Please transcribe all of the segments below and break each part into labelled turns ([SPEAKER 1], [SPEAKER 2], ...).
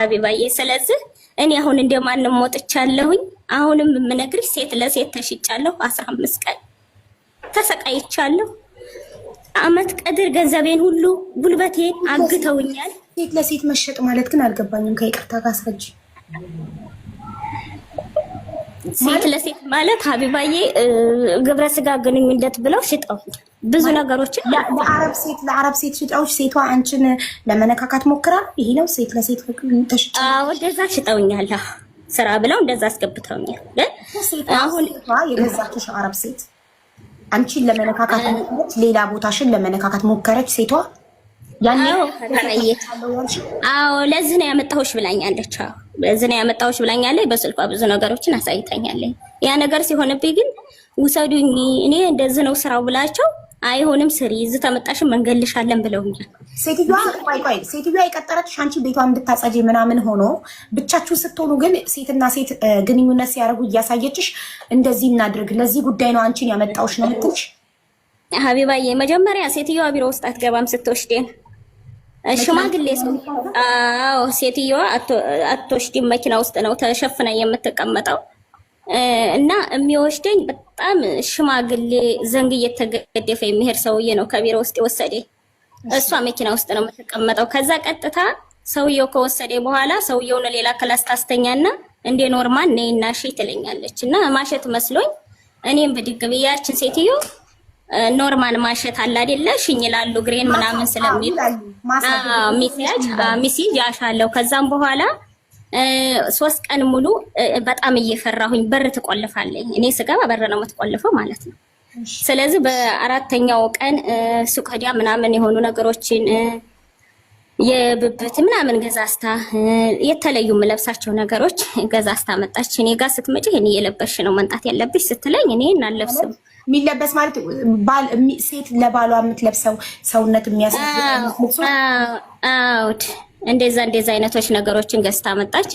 [SPEAKER 1] ሀቢባዬ ስለዚህ እኔ አሁን እንደማንም ሞጥቻለሁኝ። አሁንም የምነግርሽ ሴት ለሴት ተሽጫለሁ። አስራ አምስት ቀን ተሰቃይቻለሁ። አመት ቀድር ገንዘቤን ሁሉ ጉልበቴን አግተውኛል።
[SPEAKER 2] ሴት ለሴት መሸጥ ማለት ግን አልገባኝም። ከይቅርታ ጋር አስረጅ።
[SPEAKER 1] ሴት ለሴት ማለት ሀቢባዬ ግብረ ስጋ ግንኙነት ብለው ሽጠውኛል። ብዙ ነገሮችን
[SPEAKER 2] ለአረብ ሴት ለአረብ ሴት ሽጣዎች ሴቷ አንቺን ለመነካካት ሞክራ ይሄ ነው ሴት ለሴት ተሽጫ
[SPEAKER 1] ወደዛ ሽጠውኛል። ስራ ብለው እንደዛ አስገብተውኛል። ግን
[SPEAKER 2] አሁን የገዛችሽ አረብ ሴት አንቺን ለመነካካት ሞክረች ሌላ ቦታሽን ለመነካካት ሞከረች ሴቷ።
[SPEAKER 1] አዎ ለዚህ ነው ያመጣሁሽ ብላኛለች። ለዚህ ነው ያመጣሁሽ ብላኛለች። በስልኳ ብዙ ነገሮችን አሳይታኛለች። ያ ነገር ሲሆንብኝ ግን ውሰዱኝ እኔ እንደዚህ ነው ስራው ብላቸው አይሆንም ስሪ እዚ ተመጣሽ መንገልሻለን ብለውኛል።
[SPEAKER 2] ሴትዮዋ ቆይ ቆይ ሴትዮዋ የቀጠረችሽ አንቺ ቤቷን እንድታጸጂ ምናምን ሆኖ ብቻችሁ ስትሆኑ ግን ሴትና ሴት ግንኙነት ሲያደርጉ እያሳየችሽ እንደዚህ እናድርግ፣ ለዚህ ጉዳይ ነው አንቺን ያመጣውሽ ነው የምትልሽ።
[SPEAKER 1] ሀቢባዬ መጀመሪያ ሴትዮዋ ቢሮ ውስጥ አትገባም ስትወሽዴን ሽማግሌ ሰው ሴትዮዋ አትወሽድም መኪና ውስጥ ነው ተሸፍና የምትቀመጠው እና የሚወሽደኝ በጣም ሽማግሌ ዘንግ እየተገደፈ የሚሄድ ሰውዬ ነው ከቢሮ ውስጥ የወሰደ። እሷ መኪና ውስጥ ነው የምትቀመጠው። ከዛ ቀጥታ ሰውየው ከወሰደ በኋላ ሰውየውን ሌላ ክላስ ታስተኛና እንደ ኖርማል ነይና እሺ ትለኛለች። እና ማሸት መስሎኝ እኔም ብድግ ሴትዮ ኖርማል ማሸት አለ አይደለ ሽኝ ላሉ ግሬን ምናምን ስለሚል ሚሲ ያሻለው ከዛም በኋላ ሶስት ቀን ሙሉ በጣም እየፈራሁኝ በር ትቆልፋለኝ። እኔ ስገባ በር ነው የምትቆልፈው ማለት ነው። ስለዚህ በአራተኛው ቀን ሱቅ ሄዳ ምናምን የሆኑ ነገሮችን የብብት ምናምን ገዛስታ የተለዩ የምለብሳቸው ነገሮች ገዛስታ መጣች። እኔ ጋር ስትመጪ ይህን እየለበሽ ነው መምጣት ያለብሽ ስትለኝ እኔ እናለብስም
[SPEAKER 2] የሚለበስ ማለት ሴት ለባሏ የምትለብሰው ሰውነት የሚያስ
[SPEAKER 1] እንደዛ እንደዛ አይነቶች ነገሮችን ገዝታ መጣች።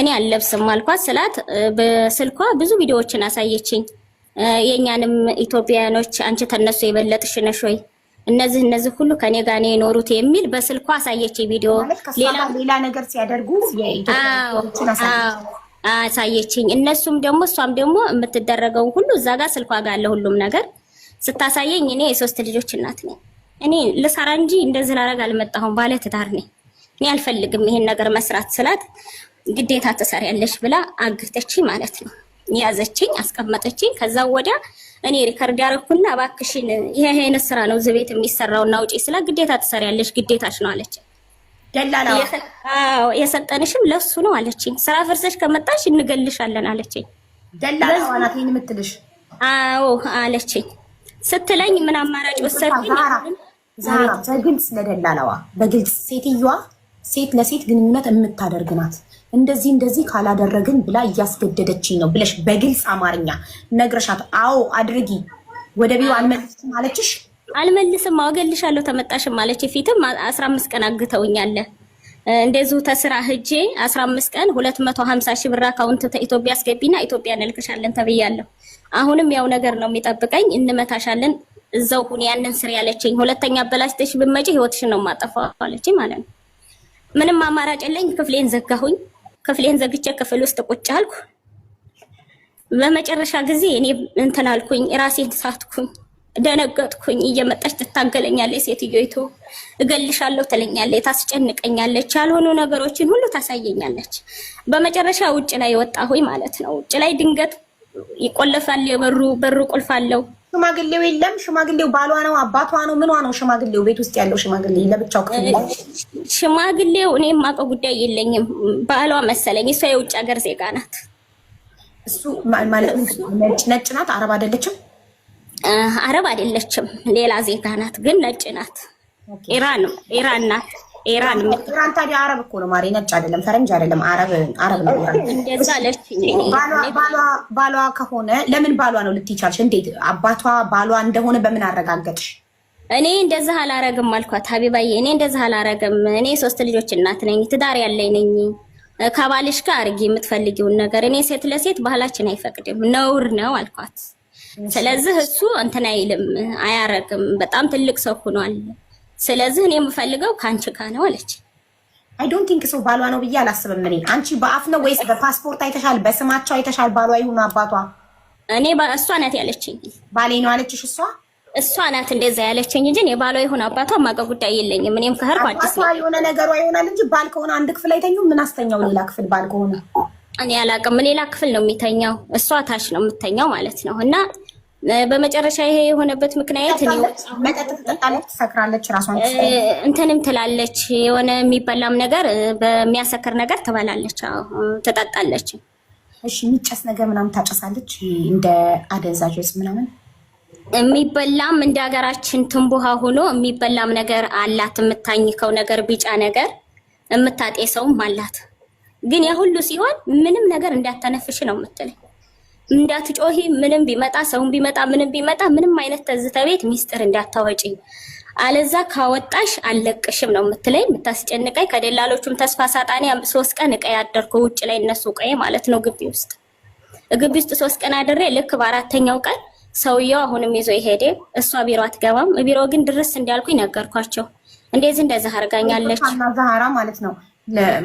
[SPEAKER 1] እኔ አልለብስም አልኳት ስላት በስልኳ ብዙ ቪዲዮዎችን አሳየችኝ። የእኛንም ኢትዮጵያኖች አንቺ ተነሱ የበለጥሽ ነሽ ወይ እነዚህ እነዚህ ሁሉ ከኔ ጋር ነው የኖሩት የሚል በስልኳ አሳየችኝ ቪዲዮ።
[SPEAKER 2] ሌላ ሌላ ነገር ሲያደርጉ
[SPEAKER 1] አሳየችኝ። እነሱም ደግሞ እሷም ደግሞ የምትደረገው ሁሉ እዛ ጋር ስልኳ ጋር አለ ሁሉም ነገር ስታሳየኝ እኔ የሶስት ልጆች እናት ነኝ። እኔ ልሰራ እንጂ እንደዚህ ላረግ አልመጣሁም። ባለ ትዳር ነኝ። እኔ አልፈልግም ይሄን ነገር መስራት ስላት ግዴታ ትሰሪያለሽ ብላ አግተች ማለት ነው። ያዘችኝ፣ አስቀመጠችኝ። ከዛ ወዲያ እኔ ሪከርድ ያደረኩና እባክሽን ይሄ አይነት ስራ ነው እዚህ የሚሰራው እና ውጪ ስላት ግዴታ ትሰሪያለሽ፣ ግዴታሽ ነው አለች። ደላላው የሰጠንሽም ለሱ ነው አለችኝ። ስራ ፍርሰሽ ከመጣሽ እንገልሻለን አለችኝ።
[SPEAKER 2] ደላላ ናት ይሄን የምትልሽ?
[SPEAKER 1] አዎ አለችኝ። ስትለኝ ምን አማራጭ ወሰድኩኝ?
[SPEAKER 2] ዛራ በግልጽ ለደላላዋ በግልጽ ሴትዮዋ ሴት ለሴት ግንኙነት የምታደርግ ናት። እንደዚህ እንደዚህ ካላደረግን ብላ እያስገደደችኝ ነው ብለሽ በግልጽ አማርኛ ነግረሻት፣ አዎ አድርጊ ወደ ቢሮ አልመልስም አለችሽ?
[SPEAKER 1] አልመልስም አወገልሻለሁ ተመጣሽም አለች። ፊትም አስራ አምስት ቀን አግተውኛለ እንደዚሁ ተስራ ህጄ 15 ቀን ሀምሳ ሺህ ብር አካውንት ኢትዮጵያ አስገቢና ኢትዮጵያ እንልክሻለን ተብያለሁ። አሁንም ያው ነገር ነው የሚጠብቀኝ። እንመታሻለን እዛው ሁን ያንን ስር ያለችኝ። ሁለተኛ አበላሽተሽ ብትመጪ ህይወትሽን ነው ማጠፋው አለችኝ ማለት ነው። ምንም አማራጭ የለኝ። ክፍሌን ዘጋሁኝ። ክፍሌን ዘግቼ ክፍል ውስጥ ቁጭ አልኩ። በመጨረሻ ጊዜ እኔ እንትን አልኩኝ፣ ራሴን ሳትኩኝ፣ ደነገጥኩኝ። እየመጣች ትታገለኛለች፣ ሴትዮይቱ እገልሻለሁ ትለኛለች፣ ታስጨንቀኛለች፣ ያልሆኑ ነገሮችን ሁሉ ታሳየኛለች። በመጨረሻ ውጭ ላይ ወጣሁኝ ማለት ነው። ውጭ ላይ ድንገት ይቆለፋል የበሩ በሩ ቁልፍ አለው
[SPEAKER 2] ሽማግሌው የለም። ሽማግሌው ባሏ ነው፣ አባቷ ነው፣ ምኗ ነው? ሽማግሌው ቤት ውስጥ ያለው ሽማግሌ ለብቻው ክፍል
[SPEAKER 1] ሽማግሌው እኔ የማውቀው ጉዳይ የለኝም። ባሏ መሰለኝ። እሷ የውጭ ሀገር ዜጋ ናት።
[SPEAKER 2] እሱ ማለት ነጭ ናት። አረብ አይደለችም።
[SPEAKER 1] አረብ አይደለችም። ሌላ ዜጋ ናት፣ ግን ነጭ ናት። ኢራን ኢራን ናት። ኢራን
[SPEAKER 2] ታዲያ አረብ እኮ ነው ማሪ፣ ነጭ አይደለም፣ ፈረንጅ አይደለም፣ አረብ አረብ ነው። ባሏ ከሆነ ለምን ባሏ ነው ልትይቻልሽ? እንዴት አባቷ ባሏ እንደሆነ በምን አረጋገጥሽ?
[SPEAKER 1] እኔ እንደዚህ አላረግም አልኳት ሀቢባዬ፣ እኔ እንደዚህ አላረግም። እኔ ሶስት ልጆች እናት ነኝ፣ ትዳር ያለኝ ነኝ። ከባልሽ ጋር አርጊ የምትፈልጊውን ነገር። እኔ ሴት ለሴት ባህላችን አይፈቅድም፣ ነውር ነው አልኳት። ስለዚህ እሱ እንትን አይልም፣ አያረግም። በጣም ትልቅ ሰው ሆኗል። ስለዚህ እኔ የምፈልገው ከአንቺ ጋ ነው አለች።
[SPEAKER 2] አይ ዶንት ቲንክ ሶ ባሏ ነው ብዬ አላስብም። እኔ አንቺ በአፍ ነው ወይስ በፓስፖርት አይተሻል? በስማቸው አይተሻል? ባሏ ይሁን አባቷ
[SPEAKER 1] እኔ እሷ ናት ያለችኝ።
[SPEAKER 2] ባሌ ነው አለችሽ እሷ
[SPEAKER 1] እሷ ናት እንደዛ ያለችኝ እንጂ ባሏ ይሁን አባቷ ማቀ ጉዳይ የለኝም። እኔም ከህርኩ
[SPEAKER 2] አዲስ ነው የሆነ ነገሯ ይሆናል እንጂ ባል ከሆነ አንድ ክፍል አይተኙም። ምን አስተኛው ሌላ ክፍል ባል ከሆነ
[SPEAKER 1] እኔ ሌላ ክፍል ነው የሚተኛው፣ እሷ ታች ነው የምተኛው ማለት ነው። እና በመጨረሻ ይሄ የሆነበት ምክንያት እንትንም ትላለች። የሆነ የሚበላም ነገር በሚያሰክር ነገር ትበላለች፣ ትጠጣለች።
[SPEAKER 2] እሺ፣ የሚጨስ ነገር ምናምን ታጨሳለች፣ እንደ አደንዛዥ ምናምን
[SPEAKER 1] የሚበላም እንደ ሀገራችን ትንቡሃ ሆኖ የሚበላም ነገር አላት። የምታኝከው ነገር ቢጫ ነገር የምታጤሰውም አላት። ግን የሁሉ ሲሆን ምንም ነገር እንዳተነፍሽ ነው የምትለኝ እንዳትጮሂ፣ ምንም ቢመጣ ሰውን ቢመጣ ምንም ቢመጣ ምንም አይነት ተዝተ ቤት ሚስጥር እንዳታወጪ አለዛ ካወጣሽ አለቅሽም ነው የምትለይ የምታስጨንቀኝ። ከደላሎቹም ተስፋ ሳጣኔ ሶስት ቀን እቀይ አደርኩ ውጭ ላይ እነሱ እቀይ ማለት ነው ግቢ ውስጥ ግቢ ውስጥ ሶስት ቀን አድሬ ልክ በአራተኛው ቀን ሰውየው አሁንም ይዞ ይሄደ እሷ ቢሮ አትገባም። ቢሮ ግን ድርስ እንዳልኩኝ ነገርኳቸው። እንደዚህ እንደዛ አርጋኛለች
[SPEAKER 2] ዛህራ ማለት ነው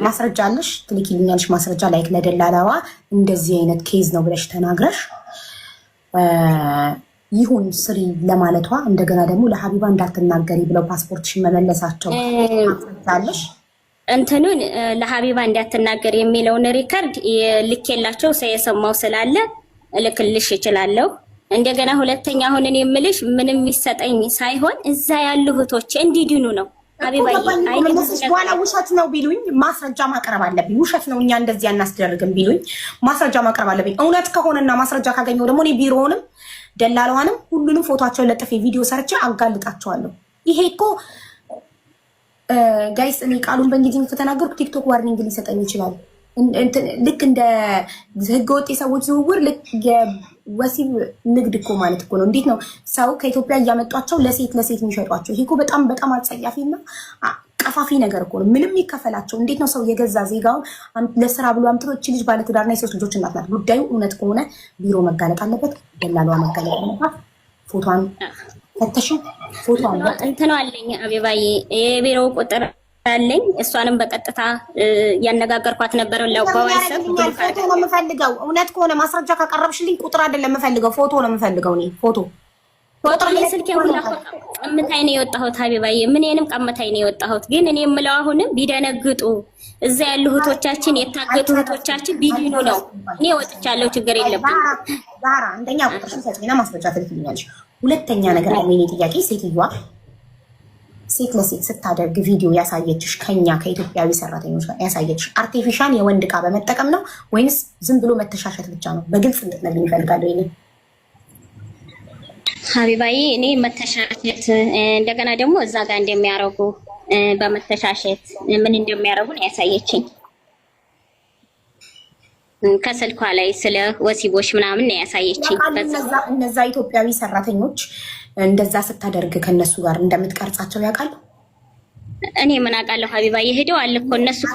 [SPEAKER 2] ማስረጃ አለሽ ትልኪልኛለሽ፣ ማስረጃ ላይክ ለደላላዋ እንደዚህ አይነት ኬዝ ነው ብለሽ ተናግረሽ ይሁን ስሪ ለማለቷ እንደገና ደግሞ ለሀቢባ እንዳትናገሪ ብለው ፓስፖርትሽን መመለሳቸው
[SPEAKER 1] አለሽ እንትኑን ለሀቢባ እንዳትናገር የሚለውን ሪከርድ ልኬላቸው ሰው የሰማው ስላለ እልክልሽ ይችላለሁ። እንደገና ሁለተኛ አሁንን የምልሽ ምንም የሚሰጠኝ ሳይሆን እዛ ያሉ እህቶች እንዲድኑ ነው
[SPEAKER 2] በኋላ ውሸት ነው ቢሉኝ ማስረጃ ማቅረብ አለብኝ። ውሸት ነው እኛ እንደዚህ አናስደርግም ቢሉኝ ማስረጃ ማቅረብ አለብኝ። እውነት ከሆነና ማስረጃ ካገኘው ደግሞ እኔ ቢሮውንም ደላላዋንም ሁሉንም ፎቶቸውን ለጥፌ ቪዲዮ ሰርቼ አጋልጣቸዋለሁ። ይሄ እኮ ጋይስ እኔ ቃሉን በእንግሊዝኛ ከተናገርኩ ቲክቶክ ዋርኒንግ ሊሰጠኝ ይችላል። ልክ እንደ ህገወጥ የሰዎች ዝውውር ልክ የወሲብ ንግድ እኮ ማለት እኮ ነው። እንዴት ነው ሰው ከኢትዮጵያ እያመጧቸው ለሴት ለሴት የሚሸጧቸው? ይሄ እኮ በጣም በጣም አጸያፊና ቀፋፊ ነገር እኮ ነው። ምንም ይከፈላቸው። እንዴት ነው ሰው የገዛ ዜጋውን ለስራ ብሎ አምጥቶ እቺ ልጅ ባለትዳርና የሶስት ልጆች እናት ናት። ጉዳዩ እውነት ከሆነ ቢሮ መጋለጥ አለበት፣ ደላሏ መጋለጥ አለባት። ፎቷን ፈተሹ። ፎቷን
[SPEAKER 1] ትነዋለኝ አቤባዬ የቢሮው ቁጥር ያለኝ እሷንም በቀጥታ ያነጋገርኳት ነበር። ለጓዋይሰብ
[SPEAKER 2] ፎቶ ነው የምፈልገው። እውነት ከሆነ ማስረጃ ካቀረብሽልኝ ቁጥር አይደለም የምፈልገው፣ ፎቶ ነው የምፈልገው። እኔ ፎቶ
[SPEAKER 1] ፎቶ ላይ ስልኬ ሁላ ቀምታይ ነው የወጣሁት። ሀቢባዬ ይንም ቀምታይ ነው የወጣሁት። ግን እኔ የምለው አሁንም ቢደነግጡ እዛ ያሉ እህቶቻችን የታገቱ እህቶቻችን ቢድኑ ነው። እኔ ወጥቻለሁ፣ ችግር
[SPEAKER 2] የለብኝም። አንደኛ ቁጥርሽን ሰጪና ማስረጃ ትልክልኛለሽ። ሁለተኛ ነገር ላይ ጥያቄ ሴትዮዋ ሴት ለሴት ስታደርግ ቪዲዮ ያሳየችሽ ከኛ ከኢትዮጵያዊ ሰራተኞች ጋር ያሳየችሽ አርቲፊሻል የወንድ እቃ በመጠቀም ነው ወይንስ ዝም ብሎ መተሻሸት ብቻ ነው? በግልጽ እንድትነግሪኝ እፈልጋለሁ። ይሄ
[SPEAKER 1] ሀቢባዬ፣ እኔ መተሻሸት እንደገና ደግሞ እዛ ጋር እንደሚያደርጉ በመተሻሸት ምን እንደሚያደርጉ ነው ያሳየችኝ። ከስልኳ ላይ ስለ ወሲቦች ምናምን ነው ያሳየችኝ።
[SPEAKER 2] እነዛ ኢትዮጵያዊ ሰራተኞች እንደዛ ስታደርግ ከነሱ ጋር እንደምትቀርጻቸው ያውቃሉ።
[SPEAKER 1] እኔ ምን አውቃለሁ ሀቢባ የሄደው አለ እኮ እነሱ እኮ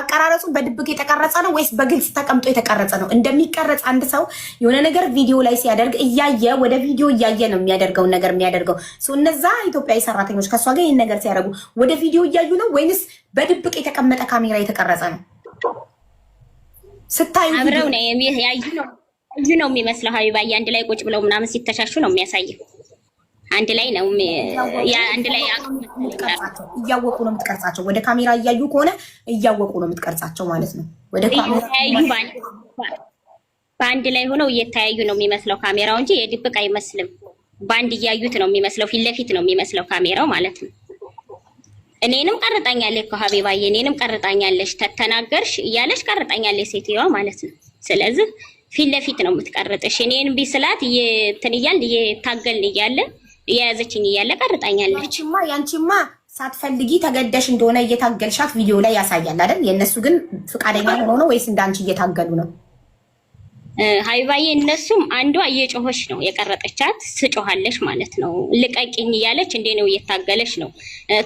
[SPEAKER 2] አቀራረጹ በድብቅ የተቀረጸ ነው ወይስ በግልጽ ተቀምጦ የተቀረጸ ነው? እንደሚቀረጽ አንድ ሰው የሆነ ነገር ቪዲዮ ላይ ሲያደርግ እያየ ወደ ቪዲዮ እያየ ነው የሚያደርገውን ነገር የሚያደርገው እነዛ ኢትዮጵያዊ ሰራተኞች ከእሷ ጋር ይህን ነገር ሲያደርጉ ወደ ቪዲዮ እያዩ ነው ወይንስ በድብቅ የተቀመጠ ካሜራ የተቀረጸ ነው?
[SPEAKER 1] ስታዩ አብረው ነው ያዩ ነው እዚህ ነው የሚመስለው ሀቢባዬ፣ አንድ ላይ ቁጭ ብለው ምናምን ሲተሻሹ ነው የሚያሳየው። አንድ ላይ ነው አንድ ላይ
[SPEAKER 2] እያወቁ ነው የምትቀርጻቸው። ወደ ካሜራ እያዩ ከሆነ እያወቁ ነው የምትቀርጻቸው ማለት ነው።
[SPEAKER 1] ወደ በአንድ ላይ ሆነው እየተያዩ ነው የሚመስለው ካሜራው እንጂ የድብቅ አይመስልም። በአንድ እያዩት ነው የሚመስለው። ፊት ለፊት ነው የሚመስለው ካሜራው ማለት ነው። እኔንም ቀርጣኛለች እኮ ሀቢባዬ፣ እኔንም ቀርጣኛለች ተተናገርሽ እያለች ቀርጣኛለች ሴትዮዋ ማለት ነው። ስለዚህ ፊት ለፊት ነው የምትቀርጥሽ። እኔን ቢ ስላት እንትን እያልን እየታገልን እያለ የያዘችኝ እያለ ቀርጣኛለች።
[SPEAKER 2] ያንቺማ ሳትፈልጊ ተገደሽ እንደሆነ እየታገልሻት ቪዲዮ ላይ ያሳያል አይደል? የእነሱ ግን ፈቃደኛ ሆኖ ነው ወይስ እንዳንቺ እየታገሉ ነው?
[SPEAKER 1] ሀይባዬ እነሱም አንዷ እየጮኸች ነው የቀረጠቻት። ስጮሃለች ማለት ነው ልቀቂኝ እያለች እንዴ ነው እየታገለች ነው።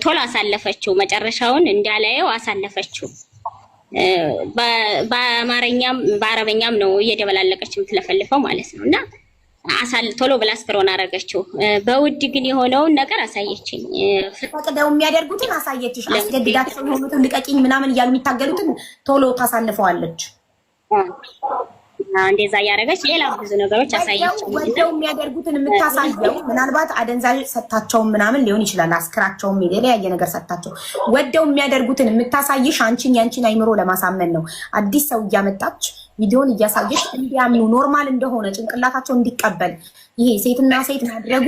[SPEAKER 1] ቶሎ አሳለፈችው፣ መጨረሻውን እንዳላየው አሳለፈችው። በአማርኛም በአረበኛም ነው እየደበላለቀች የምትለፈልፈው ማለት ነው። እና አሳል ቶሎ ብላ ስክሮን አረገችው። በውድ ግን የሆነውን ነገር አሳየችኝ።
[SPEAKER 2] ፈቅደው የሚያደርጉትን አሳየችሽ። አስገድዳቸው የሆኑትን ልቀቂኝ ምናምን እያሉ የሚታገሉትን ቶሎ ታሳልፈዋለች።
[SPEAKER 1] እንደዛ እያደረገች ሌላ ብዙ ነገሮች
[SPEAKER 2] አሳያቸው። ወደው የሚያደርጉትን የምታሳየው ምናልባት አደንዛዥ ሰታቸውን ምናምን ሊሆን ይችላል። አስክራቸውም የተለያየ ነገር ሰታቸው ወደው የሚያደርጉትን የምታሳይሽ አንቺን ያንቺን አይምሮ ለማሳመን ነው። አዲስ ሰው እያመጣች ቪዲዮን እያሳየች እንዲያምኑ ኖርማል እንደሆነ ጭንቅላታቸው እንዲቀበል ይሄ ሴትና ሴት ማድረጉ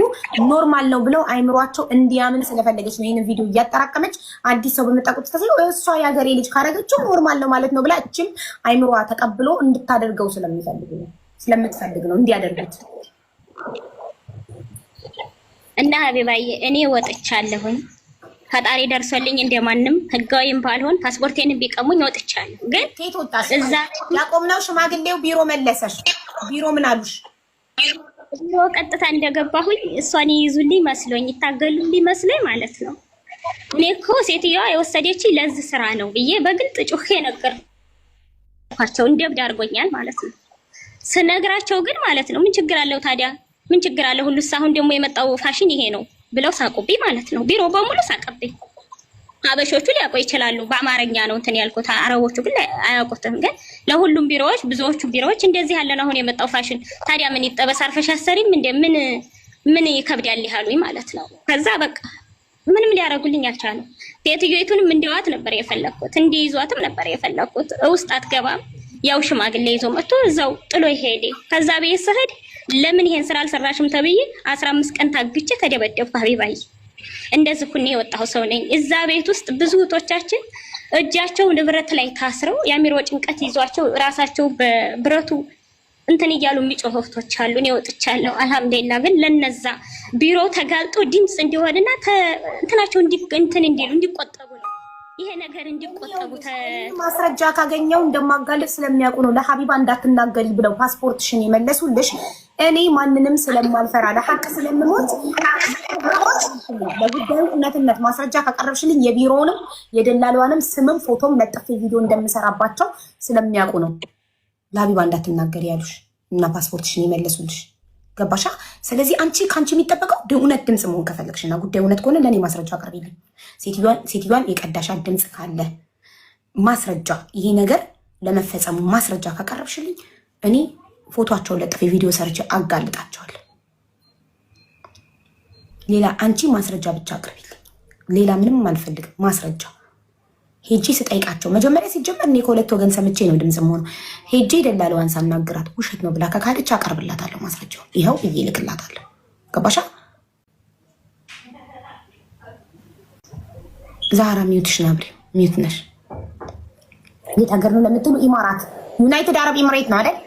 [SPEAKER 2] ኖርማል ነው ብለው አይምሯቸው እንዲያምን ስለፈለገች ነው። ይህን ቪዲዮ እያጠራቀመች አዲስ ሰው በመጣቁት ከዚ እሷ የሀገሬ ልጅ ካረገችው ኖርማል ነው ማለት ነው ብላ እችም አይምሯ ተቀብሎ እንድታደርገው ስለሚፈልግ ነው ስለምትፈልግ ነው እንዲያደርጉት
[SPEAKER 1] እና ሀቢባዬ እኔ ወጥቻለሁኝ። ፈጣሪ ደርሶልኝ እንደማንም ህጋዊም ባልሆን ፓስፖርቴን ቢቀሙኝ ወጥቻለሁ። ግን
[SPEAKER 2] እዛ ያቆምነው ሽማግሌው ቢሮ መለሰሽ? ቢሮ ምን አሉሽ?
[SPEAKER 1] ቢሮ ቀጥታ እንደገባሁኝ እሷን ይይዙልኝ መስሎኝ ይታገሉልኝ መስሎኝ ማለት ነው። እኔ እኮ ሴትዮዋ የወሰደችኝ ለዚህ ስራ ነው ብዬ በግልጥ ጩኼ ነገርኳቸው። እንደ እብድ አድርጎኛል ማለት ነው ስነግራቸው ግን ማለት ነው ምን ችግር አለው ታዲያ? ምን ችግር አለው ሁሉ? አሁን ደግሞ የመጣው ፋሽን ይሄ ነው ብለው ሳቁብኝ ማለት ነው። ቢሮ በሙሉ ሳቀብኝ። አበሾቹ ሊያውቁ ይችላሉ። በአማርኛ ነው እንትን ያልኩት። አረቦቹ ግን አያውቁትም። ግን ለሁሉም ቢሮዎች፣ ብዙዎቹ ቢሮዎች እንደዚህ ያለን አሁን የመጣው ፋሽን ታዲያ ምን ይጠበስ? አርፈሽ አሰሪም እንደ ምን ምን ይከብዳል ያሉኝ ማለት ነው። ከዛ በቃ ምንም ሊያደርጉልኝ አልቻሉ። ሴትዮይቱንም እንዲዋት ነበር የፈለኩት፣ እንዲይዟትም ነበር የፈለኩት። ውስጥ አትገባም። ያው ሽማግሌ ይዞ መጥቶ እዛው ጥሎ ይሄዴ ከዛ ቤት ስሄድ ለምን ይሄን ስራ አልሰራሽም ተብዬ አስራ አምስት ቀን ታግቼ ተደበደብኩ። ሀቢባይ እንደዚህ ኩኔ የወጣሁ ሰው ነኝ። እዛ ቤት ውስጥ ብዙ እህቶቻችን እጃቸው ንብረት ላይ ታስረው የአሚሮ ጭንቀት ይዟቸው ራሳቸው በብረቱ እንትን እያሉ የሚጮህ እህቶች አሉ። እኔ ወጥቻለሁ አልሐምዱሊላ። ግን ለነዛ ቢሮ ተጋልጦ ድምፅ እንዲሆንና እንትናቸው እንትን እንዲሉ እንዲቆጠቡ ነው ይሄ ነገር እንዲቆጠቡ
[SPEAKER 2] ማስረጃ ካገኘው እንደማጋለጥ ስለሚያውቁ ነው ለሀቢባ እንዳትናገሪ ብለው ፓስፖርትሽን የመለሱልሽ። እኔ ማንንም ስለማልፈራ ለሀቅ ስለምሞት ለጉዳዩ እውነትነት ማስረጃ ካቀረብሽልኝ የቢሮውንም የደላሏንም ስምም ፎቶም ለጥፌ ቪዲዮ እንደምሰራባቸው ስለሚያውቁ ነው ለሀቢባ እንዳትናገር ያሉሽ እና ፓስፖርትሽን ይመለሱልሽ። ገባሻ? ስለዚህ አንቺ ከአንቺ የሚጠበቀው እውነት ድምፅ መሆን እና ጉዳዩ እውነት ከሆነ ለእኔ ማስረጃ አቅርቢልኝ። ሴትዮዋን የቀዳሻት ድምፅ ካለ ማስረጃ፣ ይሄ ነገር ለመፈጸሙ ማስረጃ ካቀረብሽልኝ እኔ ፎቶቸውን ለጥፍ ቪዲዮ ሰርች አጋልጣቸዋል። ሌላ አንቺ ማስረጃ ብቻ አቅርቢልኝ፣ ሌላ ምንም አልፈልግም። ማስረጃ ሄጄ ስጠይቃቸው መጀመሪያ ሲጀመር እኔ ከሁለት ወገን ሰምቼ ነው ድምፅ መሆኑ። ሄጄ ደላለዋን ሳናግራት ውሸት ነው ብላ ከካደች አቀርብላታለሁ ማስረጃውን ይኸው ብዬ እልክላታለሁ። ገባሻ? ዛራ ሚዩትሽ ናብሬ ሚዩት ነሽ። የት ሀገር ነው ለምትሉ ኢማራት ዩናይትድ አረብ ኢምሬት ነው አይደል?